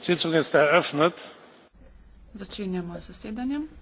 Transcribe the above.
sitzung ist eröffnet. začenjamo z zasedanjem.